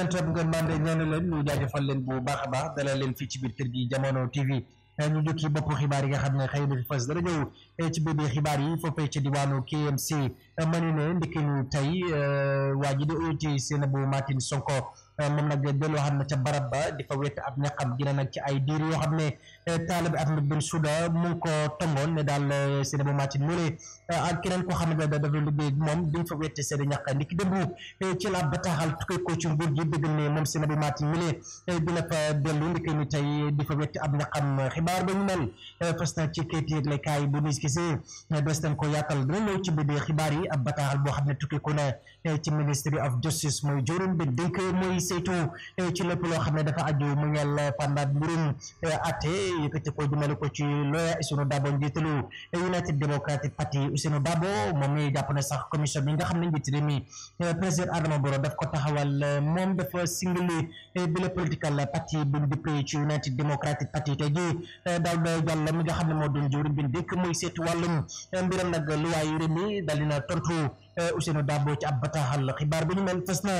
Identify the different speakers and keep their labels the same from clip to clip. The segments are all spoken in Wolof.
Speaker 1: cant ak ngërmande ñeenu leen ñu jaajëfal leen bu baax a baax dalal leen fii ci biir kër gi jamono TV eh, ñu jukki bopp xibaar yi nga xam ne xëy na fi fas dara ñëw eh, ci biir xibaar yi foofee ci diwaanu KMC eh, mani ne ndikkilu tey waa ji di uti Seynabou Martin Sonko moom nag delloo xam ne ca barab ba di fa wet ab ñaqam gina nag ci ay diir yoo xam ne taalibe Ahmed Bensouda mu ngi ko tongoon ne daal Seynabou Martin mu ne ak keneen koo xamante ne dafa liggéey moom duñ fa wetti seen ñàq ni ki déglu eh, ci la bataaxal tukkee ko ci nguur gi dégg ne moom Sainabou Maty Millé dina fa dellu ndikee ni tey di fa wetti ab ñaqam xibaar ba ñu mel eh, fas na ci kayit yëglekaay bu niis gisee eh, des nañ ko yaatal dina ñëw ci biir xibaar yi ab bataaxal boo xam ne tukkee na ci ministry of justice mooy juróom bi dénk mooy saytu ci lépp loo xam ne dafa aju mu ñeel pandaat mbirum atte yëkkati ko Ousseynou Dabo moom mi jàpp ne sax commission bi nga xam ne njiit réew mi euh, président Adama Barrow daf ko taxawal euh, moom dafa singli euh, bi political parti bi United Democratic Party tey jii Daouda Diallo mi nga xam ne moo doon jëwriñ bi ndékk muy seetu wàllum mbiram nag luwaayu réew mi tontu Ousseynou Dabo ci ab bataaxal xibaar bi ni mel fës na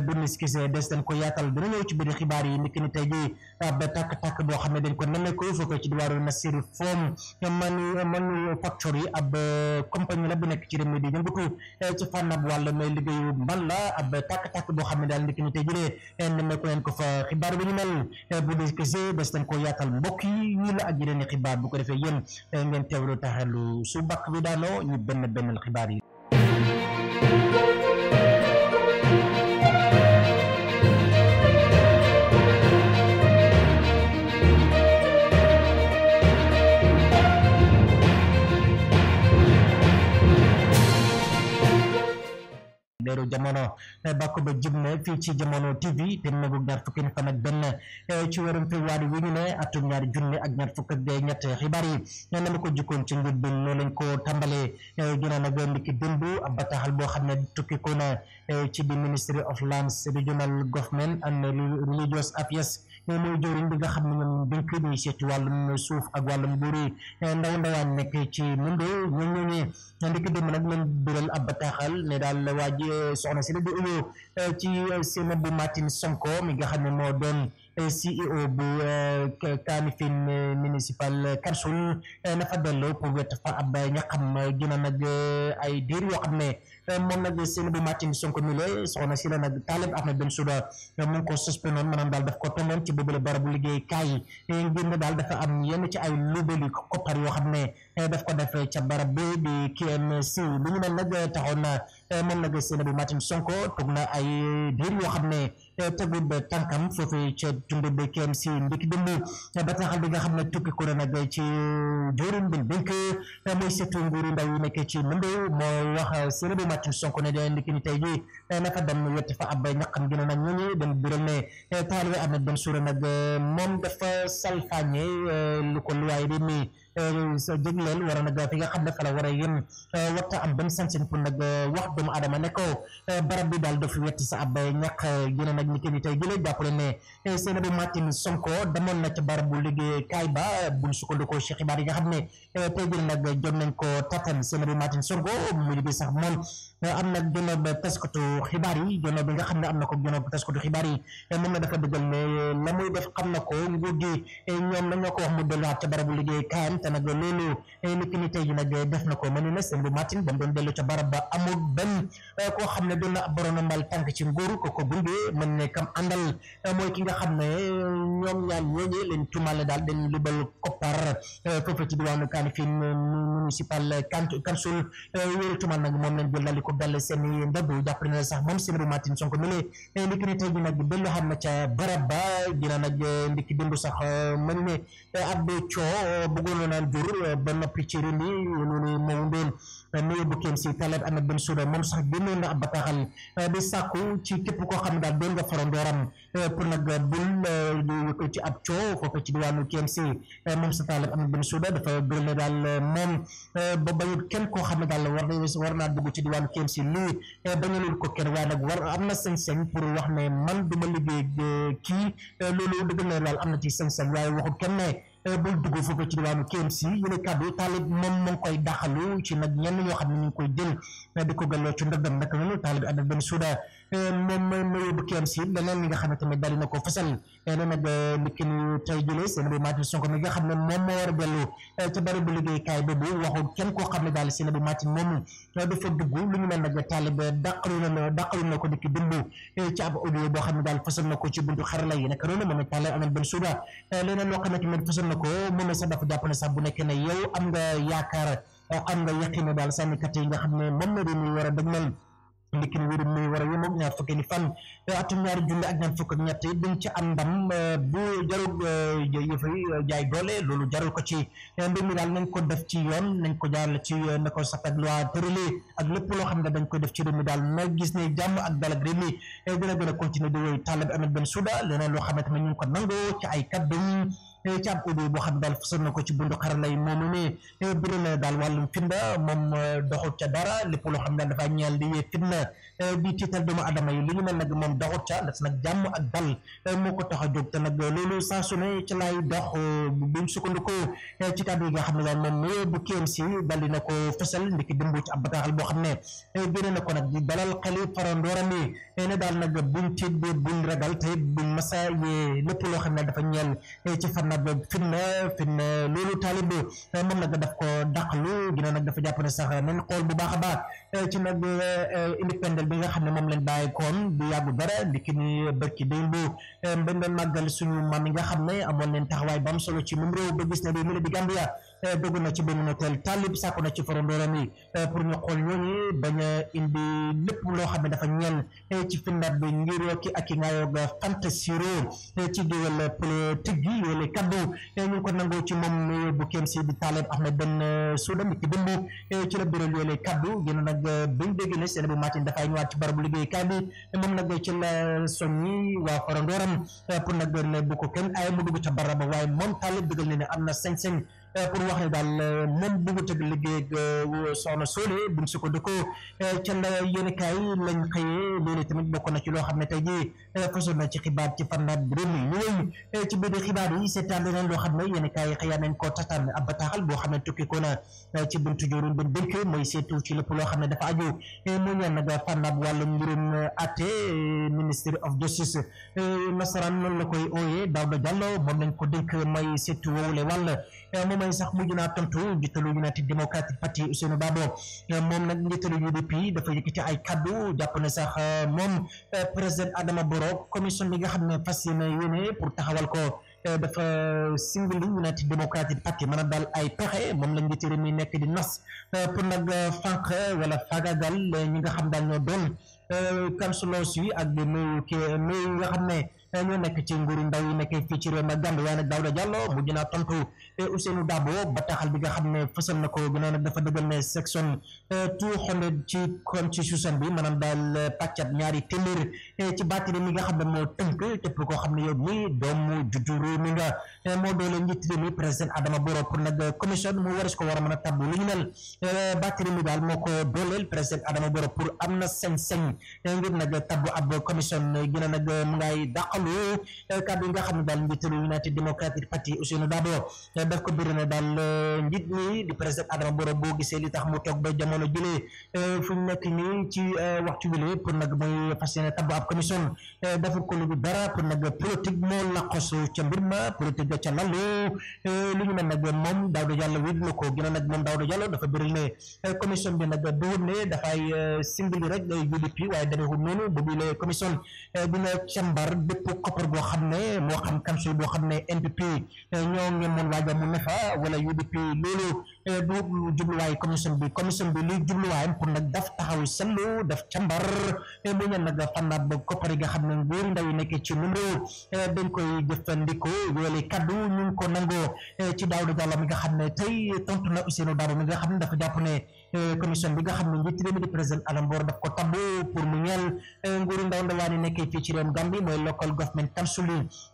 Speaker 1: bu ñu si gisee des dañ ko yaatal dina ñëw ci biir xibaar yi niki ni tey jii ab tàkk-tàkk boo xam ne dañ ko nemmeeku foofu ci diwaaru Nasir Foom man manufacture yi ab compagnie la bu nekk ci réew mi di ci fànnab wàll may liggéeyu mbal ab tàkk-tàkk boo xam ne daal niki ni tey jii de nemmeeku leen ko fa xibaar bi mel bu ñu si gisee ko yaatal mbokk yi ñu la ak yeneen xibaar bu ko defee yéen ngeen teewlu taxalu su bakk bi daanoo ñu benn benn xibaar weeru jamono eh, bàkk ba jub na ci jamono TV te nagu ñaar fukki fan ak benn eh, ci weerum février wi ñu ne atum ñaari junni ak ñaar fukk ak ñett xibaar yi eh, na ma ko jukkoon ci ngir bi noonu lañ ko tàmbalee ñu ne nag ndiki démb ab bataaxal boo xam ne tukki ko na ci bi Ministry of Lands Regional Government and Religious Affairs moom mooy jëwriñ bi nga xam ne ñoom dénk day seet wàllum suuf ak wàllum buuri eh, ndaw ndawaan nekk ci mën de ñoom ñooñee eh, ndikk dem nag leen biral ab bataaxal ne daal waa ji eh, soxna si la di ëyoo ci seen bu Martin Sonko mi nga xam ne moo doon Euh, CEO bu euh, Kanifing euh, municipal council dafa delloo pour wet fa ab ñaxam gina nag ay diir yoo xam ne moom nag Seynabou Martine Sonko mile soxna si la nag Talib Ahmed Bensouda mu ngi ko suspendoon maanaam daal daf ko tondoon ci boobule barabu liggéey kaay ngir ne daal dafa am yenn ci ay lubali koppar yoo xam ne Eh, def ko def ca barab bi di QMC lu ñu mel nag eh, taxoon na eh, moom nag Seynabou Matim Sonko toog na ay diir yoo xam ne tegul tànkam foofu ca jundub KMC ndiki dëmb bataaxal bi nga xam ne tukki ko nag ci joorin bi dénk mooy seetu nguuru ndaw yi nekk ci lënd moo wax Seynabou Matim Sonko ne de ndiki ni tey jii naka dem wett fa ab ñaqam gën a nag ñooñu dem biral ne taalibe am na dem suura nag moom dafa salfaañe lu ko luwaay di mi dégleel war a nag fi nga xam ne fa la war a yem euh, waxta am benn sañ-sañ pour nag euh, wax doomu aadama ne ko euh, barab bi daal dafa wetti sa ab ñaq yéen a nag ni kenn tey jëlee jàppale ne Sainabou Martin Sonko demoon na ci barabu liggéeykaay ba sukkandikoo ci xibaar yi nga xam ne tey jot nañ ko tatam Sainabou Martin Sonko mu liggéey sax moom am nag jono ba taskatu xibaar yi jono bi nga xam ne am na ko jono ba taskatu xibaar yi moom na dafa dëggal ne na ko nguur gi ñoom la ñoo ko wax mu tana go lolu e lukkinite yinage defna ko manina sembu matin bam don delu ca baraba amul ben eh, ko xamne do na borona mal tank ci ngoru ko ko gumbe man ne kam andal eh, moy ki nga xamne ñom ñaan ñeñe len tumal dal den par ko eh, fe ci diwanu fi municipal kan-, sul wëru tumal nak mom lañ jël dal ko dal seen ndabu japp na sax mom sembu matin sonko melé e lukkinite yinage bello xamna ca baraba dina nak ndiki dundu sax man ne abdo cho naan jur eh, ba noppi ci rini loolu moom doon nuyu bu kenn si talat Ahmed Bensouda eh, moom sax génnoon na ab bataaxal eh, di sàkku ci képp koo xam daal doon nga farandooram pour nag bul yëkkati ci ab coow foofu ci diwaanu KMC moom sa talat Ahmed Bensouda dafa gërëm ne daal moom ba bañul kenn koo xam ne daal war na war naa dugg ci diwaanu KMC lii bañalul ko kenn waaye nag war am na sañ-sañ pour wax ne man du ma liggéey kii loolu dëgg na daal am na ci sañ waaye waxu kenn Euh, bul dugg foofu ci diwaanu KMC yële kàddu taalib moom mu ngi koy daxalu ci nag ñenn ñoo xam ne ñu ngi koy jël di ko gàlloo ci ndëndam naka noonu taalib ànd ak benn suuda moom mooy mooy yóbbu KMC leneen li nga xamante eh, bu a dellu eh, ca kenn koo xam ne daal seen bu Maty moomu eh, dafa dugg lu ñu mel na dàqalu na ko ndikki dund ci ab audio boo xam ne daal fasal na ko moom it sax dafa jàpp ne sax bu nekkee ne yow am nga yaakaar am nga yaqin daal sànnikat yi nga xam ne moom la dañuy war a dëgmal ndikkin wérum mi war a yemoog ñaar fukki ni fan atum ñaari junni ak ñaar fukk ak ñett dañ ci am bu jarul loolu jarul ko ci mbir mi daal nañ ko def ci yoon nañ ko jaarale ci na ko sax ak loi tërëlee ak loo xam ne dañ koy def ci réew daal na gis ni jàmm ak dalak réew mi dina gën a continuer di wéy tàllab Ahmed Bensouda leneen loo xamante ne ñu ko nangoo ci ay kàddu Eh, càmp bi boo xam daal fësal na ko ci bundu xarala yi moom ne eh, bu dee la daal wàllum fitna moom eh, doxut ca dara lépp loo xam daal dafa ñeel di yee fitna di tiital doomu adama yi li ñu mel nag moom doxut ca des nag jàmm ak dal moo ko tax a jóg te nag loolu saa su ne ci laay dox buñ sukkandikoo ci kàddu yi nga xam ne daal moom ne bu si dal dina ko fësal ndiki dimbu ci ab bataaxal boo xam ne génne na ko nag di dalal xeli farandooram yi ne daal nag buñ tiit ragal te buñ masa yee lépp loo xam ne dafa ñeel maanaam boobu fitna fitna loolu taalib bi moom nag daf ko dàqalu ginnaaw nag dafa jàpp ne sax nañ xool bu baax a baax eh, ci nag eh, indépendance bi nga xam ne moom la bàyyi koon du yàggu dara ndiki ni bërki bu eh, bañ doon màggal suñu maam yi nga xam ne amoon leen taxawaay ba am solo ci moom réew gis ne bi mu dugg na ci benn hôtel Talib sàkku na ci forondooram yi pour ñu xool ñooñu bañ indi lépp loo xam ne dafa ñeen ci findat bi ngir ki ak i ngaayoog fantasiro ci géwél politique gi wala kaddu ñu ngi ko ci moom bu kéem si di Talib Ahmed Ben Souda mi ci dëmb ci la biral yoolee kaddu yéen nag buñ dégg ne seen bu matin dafay ñëwaat ci barabu liggéeykaay bi moom nag ci la soññi waa forondooram pour nag na bu ko kenn ay mu dugg ca baraba waaye moom Talib dëggal ne ne am na sañ-sañ Eh, pour wax ne daal eh, moom bëggut ak liggéey ak eh, soxna Soole buñ ko ca la yéenekaay lañ xëyee loolu tamit bokk na ci loo xam ne te jii fasoon na ci xibaar ci fannaat bi réew mi ñu wéy ci biir xibaar yi seetaan leneen loo xam ne yéenekaay yi xëyaa nañ koo tataan ab bataaxal boo xam ne tukki ko na ci buntu joorun buñ dénk mooy seetu ci lépp loo xam ne dafa aju mu ñaan nag fannaat wàllu mbirum atte ministry of justice nasaraan noonu la koy ooyee Daouda Diallo moom lañ ko dénk mooy seetu woowule wàll Eh, moom ay sax mujj naa tontu njiitalu United Democratic Party Ousseynou Babo eh, moom nag njiitalu UDP dafa yëkkati ay kaddu jàpp ne sax eh, moom président Adama Barrow commission bi nga xam ne fas yéene yéene pour taxawal ko dafa singuli United Democratic Party a daal ay pexe moom la njiiti mi nekk di nas pour nag fànq wala faagagal ñi nga xam daal ñoo doon councillors yi ak di nuyu kii nga xam ne. ñoo nek ci nguru ndaw yi nek fi ci rew ma gànd waaye nag Daouda Diallo mujj naa tontu ousenu Dabo ba taxal bi nga xam ne fësal na ko dafa dëggal ne section two xone ci kon ci constitution bi manam dal patchat ñaari e ci baatire mi nga xamne mo teunk tënk képp koo xam yow mi doomu juddu rew mi nga e eh, moo doole njiit gitu réew mi president Adama boro pour nak commission mu waris ko wara mëna mën a tabb lu ñu mel eh, baatire mi dal moko dolel president Adama boro pour amna na sañ-sañ ngir eh, nak tabb ab commission gën nak mu ngay dàqal ni eh, kàddu nga xam ne daal njiitalu United Democratic Party Ousainou Darboe eh, daf ko biir eh, njiit mi di président Adama Barrow boo gisee li tax mu toog ba jamono jëlee fu ñu nekk nii ci waxtu bi la pour nag muy fas yéene tabb ab commission dafa ko lu dara pour nag politique moo laqos ca mbir ma politique ga ca lalu li ñu mel nag moom Daouda Diallo wéet na ko gi a nag moom Daouda Diallo dafa biral ne commission bi nag duhut ne dafay simbali rek UDP waaye demewul noonu bu bi commission dina càmbar bépp bépp koppar boo xam ne moo xam council boo xam ne NPP ñoo ngeen moon waaja mu ne fa wala UDP loolu eh, du jubluwaay commission bi commission bi li jubluwaayam pour nag daf taxaw sellu daf càmbar eh, mu ñaan nag fànnaat ba koppar yi nga xam ne nguuri ndaw yi nekk ci numéro eh, dañ koy jëfandikoo yoolee kaddu ñu ngi ko nangoo ci daaw da jàlla mi nga xam ne tey tontu na Ousseynou Dabo mi nga xam ne dafa jàpp ne commission bi nga xam ne njiit réew mi di président Adam Barrow daf ko tabb mu ñeel eh, nguuru ndaw ndawaan yi nekkee fii ci mooy local government council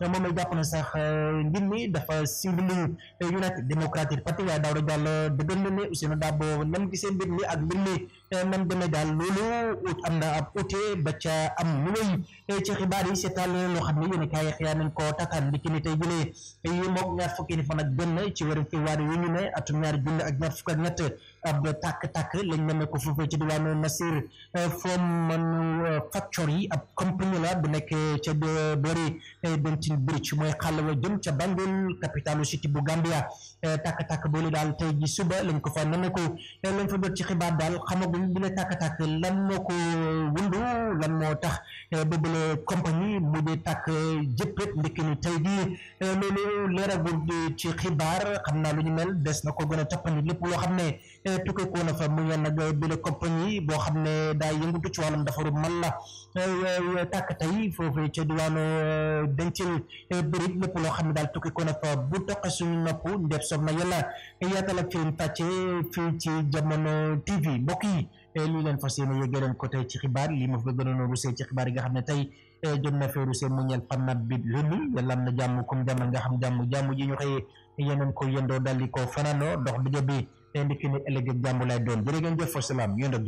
Speaker 1: moom la jàpp na sax eh, mbir mi dafa sibli United Democratic Party waaye Daouda Diallo dëggal na ne Ousainou Darboe nam gisee mbir mi ak mbir man demé dal lolu ut am na ab outé ba ca am lu muy e ci xibaar yi seetal loo xam ne yéen kaay xiyaa nañ ko tataan li ki ni tey jëlee e yi moog ñaar fukki ni fan ak benn ci weeru février wi ñu ne atum ñaar junni ak ñaar fukk ak ñett ab tak tak lañ mëna ko fofu e from man factory ab company la bu nek ci bori bentin bridge moy xalawa jëm ci bangul capital city bu gambia tak tak bo dal tay ji suba lañ ko fa nanako lañ fa jot dal bi la tàkk-tàkk lan moo ko wundu lan moo tax eh, bëbële compagnie mu di tàkk jëpp rek ndekki ni tey jii eh, loolu leeragul ci xibaar xam naa lu ñu mel des na ko gën a toppandi lépp loo xam ne tukkee na fa mu ngeen nag bi compagnie boo xam ne daa yëngatu ci wàllum defaru man la euh, tàkk tey foofee ca diwaanu euh, dencin euh, bëri lépp loo xam ne daal tukkee na fa bu toqe suñu nopp ndeeb soob na yàlla yaatal ak firim tàcce fii ci jamono TV mbokk yi lii leen fas yéene yëgee leen ko tey ci xibaar lii ma fa gënoon a rusee ci xibaar yi nga xam ne tey jot na fee rusee mu ñeel fan bi lëndu yàlla am na jàmm comme jàmm nga xam jàmm jàmm ji ñu xëyee yeneen te indi kii nii ëllëg jàmm lay doon jërë ngeen jëf for salaam yéen ak